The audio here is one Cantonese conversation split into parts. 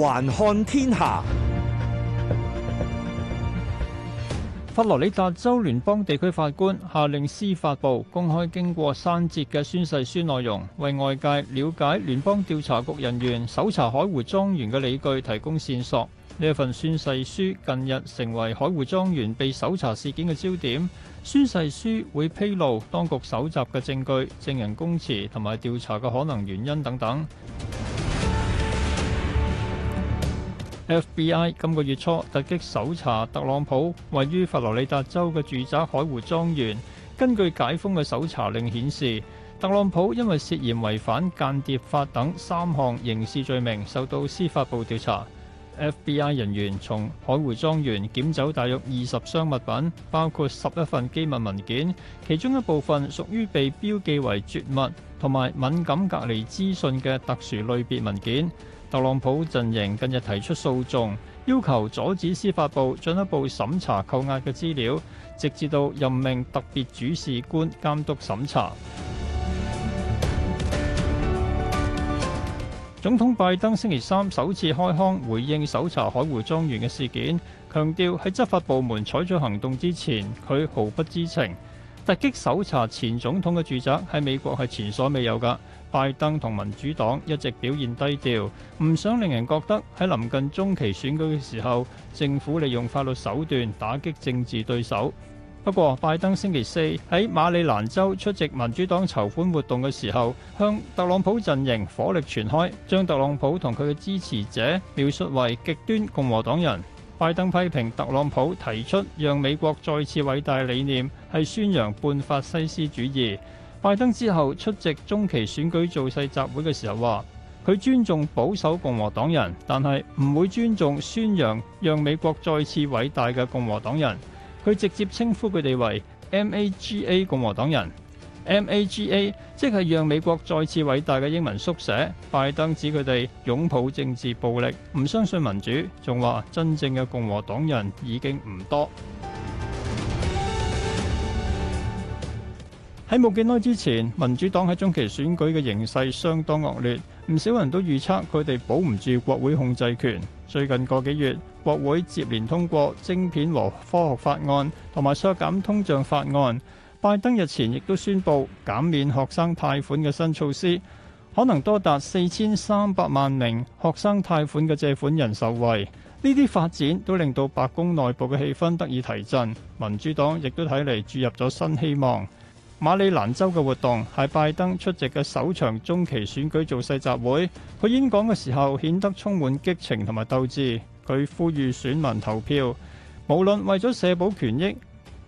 環看天下，佛羅里達州聯邦地區法官下令司法部公開經過刪節嘅宣誓書內容，為外界了解聯邦調查局人員搜查海湖莊園嘅理據提供線索。呢一份宣誓書近日成為海湖莊園被搜查事件嘅焦點。宣誓書會披露當局搜集嘅證據、證人供詞同埋調查嘅可能原因等等。FBI 今個月初突擊搜查特朗普位於佛羅里達州嘅住宅海湖莊園。根據解封嘅搜查令顯示，特朗普因為涉嫌違反間諜法等三項刑事罪名，受到司法部調查。F.B.I. 人員從海湖莊園檢走大約二十箱物品，包括十一份機密文件，其中一部分屬於被標記為絕密同埋敏感隔離資訊嘅特殊類別文件。特朗普陣營近日提出訴訟，要求阻止司法部進一步審查扣押嘅資料，直至到任命特別主事官監督審查。總統拜登星期三首次開腔回應搜查海湖莊園嘅事件，強調喺執法部門採取行動之前，佢毫不知情。突擊搜查前總統嘅住宅喺美國係前所未有噶。拜登同民主黨一直表現低調，唔想令人覺得喺臨近中期選舉嘅時候，政府利用法律手段打擊政治對手。不過，拜登星期四喺馬里蘭州出席民主黨籌款活動嘅時候，向特朗普陣營火力全開，將特朗普同佢嘅支持者描述為極端共和黨人。拜登批評特朗普提出讓美國再次偉大理念係宣揚半法西斯主義。拜登之後出席中期選舉造勢集會嘅時候話，佢尊重保守共和黨人，但係唔會尊重宣揚讓美國再次偉大嘅共和黨人。佢直接稱呼佢哋為 MAGA 共和黨人，MAGA 即係讓美國再次偉大嘅英文縮寫。拜登指佢哋擁抱政治暴力，唔相信民主，仲話真正嘅共和黨人已經唔多。喺冇幾耐之前，民主黨喺中期選舉嘅形勢相當惡劣，唔少人都預測佢哋保唔住國會控制權。最近個幾月，國會接連通過晶片和科學法案同埋削減通脹法案。拜登日前亦都宣布減免學生貸款嘅新措施，可能多達四千三百萬名學生貸款嘅借款人受惠。呢啲發展都令到白宮內部嘅氣氛得以提振，民主黨亦都睇嚟，注入咗新希望。馬里蘭州嘅活動係拜登出席嘅首場中期選舉造勢集會。佢演講嘅時候顯得充滿激情同埋鬥志。佢呼籲選民投票，無論為咗社保權益、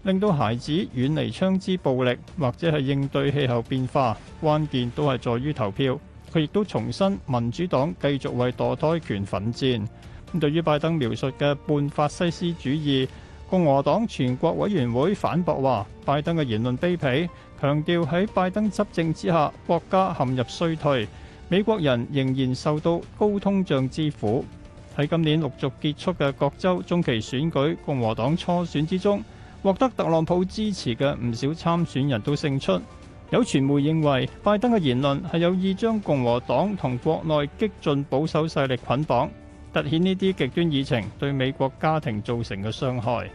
令到孩子遠離槍支暴力，或者係應對氣候變化，關鍵都係在於投票。佢亦都重申民主黨繼續為墮胎權奮戰。咁對於拜登描述嘅半法西斯主義，共和黨全國委員會反駁話，拜登嘅言論卑鄙，強調喺拜登執政之下，國家陷入衰退，美國人仍然受到高通脹之苦。喺今年陸續結束嘅各州中期選舉，共和黨初選之中，獲得特朗普支持嘅唔少參選人都勝出。有傳媒認為，拜登嘅言論係有意將共和黨同國內激進保守勢力捆綁。凸顯呢啲極端議程對美國家庭造成嘅傷害。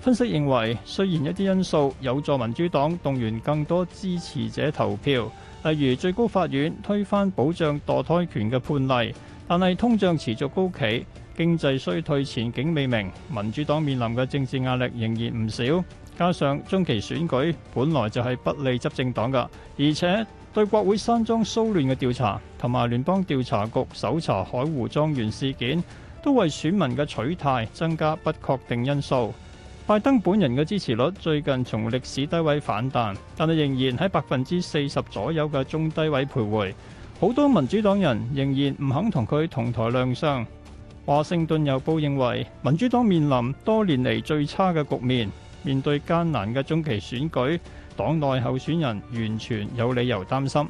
分析認為，雖然一啲因素有助民主黨動員更多支持者投票，例如最高法院推翻保障墮胎權嘅判例，但係通脹持續高企、經濟衰退前景未明，民主黨面臨嘅政治壓力仍然唔少。加上中期選舉本來就係不利執政黨嘅，而且，對國會山莊騷亂嘅調查同埋聯邦調查局搜查海湖莊園事件，都為選民嘅取態增加不確定因素。拜登本人嘅支持率最近從歷史低位反彈，但係仍然喺百分之四十左右嘅中低位徘徊。好多民主黨人仍然唔肯同佢同台亮相。華盛頓郵報認為民主黨面臨多年嚟最差嘅局面。面對艱難嘅中期選舉，黨內候選人完全有理由擔心。